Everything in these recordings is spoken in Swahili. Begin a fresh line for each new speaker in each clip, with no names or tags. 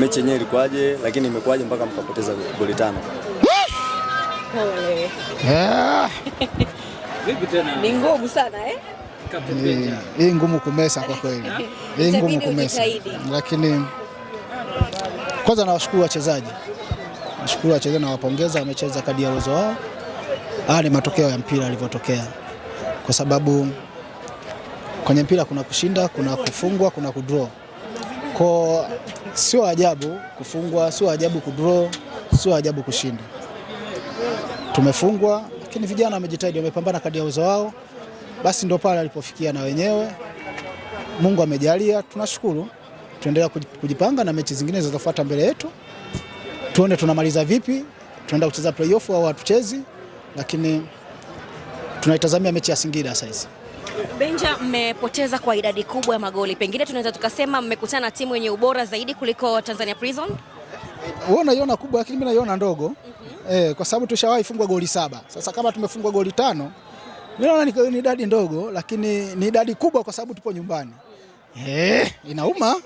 Mechi yenyewe ilikuwaje, lakini imekuwaje mpaka mkapoteza goli tano?
Ni ngumu sana eh?
Hii ngumu kumesa kwa kweli. Hii ngumu kumesa. Lakini kwanza nawashukuru wachezaji, nashukuru wachezaji, nawapongeza, wamecheza kadi ya uwezo wao. Haya ni matokeo ya mpira yalivyotokea, kwa sababu kwenye mpira kuna kushinda, kuna kufungwa, kuna kudraw kwa sio ajabu kufungwa, sio ajabu kudraw, sio ajabu kushinda. Tumefungwa, lakini vijana wamejitahidi, wamepambana kadri ya uwezo wao, basi ndio pale alipofikia na wenyewe. Mungu amejalia, tunashukuru. Tuendelea kujipanga na mechi zingine zinazofuata mbele yetu, tuone tunamaliza vipi, tunaenda kucheza playoff au hatuchezi, lakini tunaitazamia mechi ya Singida sasa
Benja, mmepoteza kwa idadi kubwa ya magoli, pengine tunaweza tukasema mmekutana na timu yenye ubora zaidi kuliko Tanzania Prison.
Wewe unaiona kubwa, lakini mimi naiona ndogo mm -hmm. E, kwa sababu tushawahi fungwa goli saba. Sasa kama tumefungwa goli tano, mimi naona ni idadi ndogo, lakini ni idadi kubwa kwa sababu tupo nyumbani. E, inauma.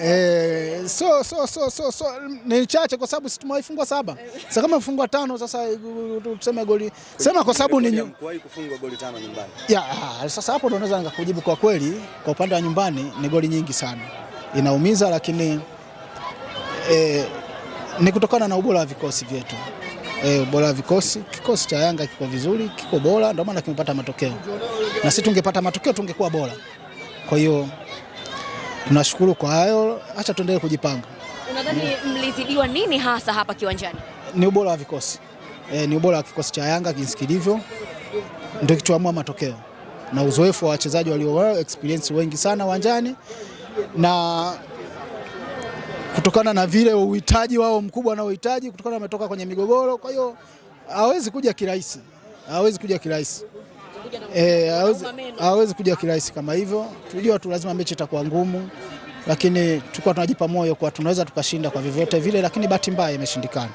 Eh, so, so, so, so, so ni chache kwa sababu tumewaifungwa saba. Sasa kama mfungwa tano sasa eh, tuseme goli. Sema kwa sababu ni
kuwahi kufungwa goli tano nyumbani.
Yeah, sasa hapo ndo naweza nikakujibu kwa kweli, kwa upande wa nyumbani ni goli nyingi sana. Inaumiza lakini eh, ni kutokana na ubora wa vikosi vyetu. Eh, ubora wa vikosi, kikosi cha Yanga kiko vizuri, kiko bora, ndio maana kimepata matokeo, na sisi tungepata matokeo tungekuwa bora. Kwa hiyo Tunashukuru kwa hayo, acha tuendelee kujipanga.
Unadhani mlizidiwa nini hasa hapa kiwanjani?
Ni ubora wa vikosi e, ni ubora wa kikosi cha Yanga jinsi kilivyo ndio kichoamua matokeo na uzoefu wa wachezaji walio experience wengi sana uwanjani na kutokana na vile uhitaji wao mkubwa uhitaji kutokana wametoka kwenye migogoro, kwa hiyo hawezi kuja kirahisi, hawezi kuja kirahisi. Eh, hawezi kuja kirahisi kama hivyo. Tulijua tu lazima mechi itakuwa ngumu, lakini tulikuwa tunajipa moyo kwa tunaweza tukashinda kwa vyovyote vile, lakini bahati mbaya imeshindikana.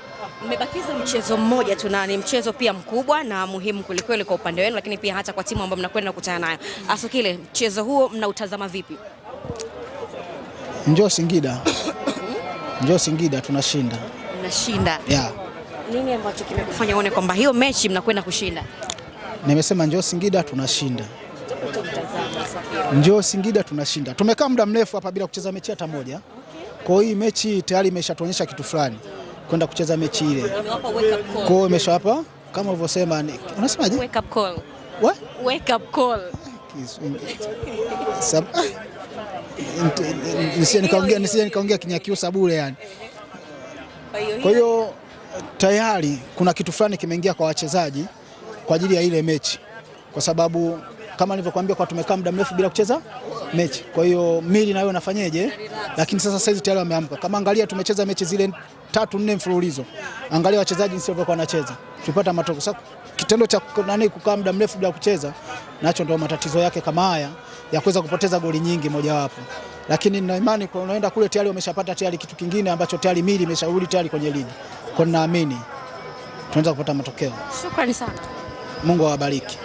Mmebakiza mchezo mmoja tu na ni mchezo pia mkubwa na muhimu kwelikweli kwa upande wenu, lakini pia hata kwa timu ambayo mnakwenda kukutana nayo. Asukile, mchezo huo mnautazama vipi?
Njoo Singida njoo Singida, tunashinda. Mnashinda. Yeah.
Nini ambacho kimekufanya uone kwamba hiyo mechi mnakwenda kushinda?
Nimesema njoo Singida tunashinda, njoo Singida tunashinda. Tumekaa muda mrefu hapa bila kucheza mechi hata moja, kwa hiyo mechi tayari imeshatuonyesha kitu fulani kwenda kucheza mechi ile, kwa hiyo imeshawapa kama ulivyosema, unasemaje? Wake up call. What?
Wake up call.
Nisije nikaongea kinyakiusa bure yani. Kwa hiyo tayari kuna kitu fulani kimeingia kwa wachezaji kwa ajili ya ile mechi, kwa sababu kama nilivyokuambia kwa tumekaa muda mrefu bila kucheza mechi, kwa hiyo mili nayo inafanyeje. Lakini sasa saizi tayari wameamka, kama angalia, tumecheza mechi zile tatu nne mfululizo, angalia wachezaji jinsi walivyokuwa wanacheza, tupata matokeo. Sasa kitendo cha nani kukaa muda mrefu bila kucheza nacho ndio matatizo yake kama haya ya kuweza kupoteza goli nyingi mojawapo, lakini nina imani kwa unaenda kule tayari umeshapata tayari kitu kingine ambacho tayari mili imeshauri tayari kwenye ligi, kwa naamini tunaweza kupata matokeo. Shukrani sana. Mungu awabariki.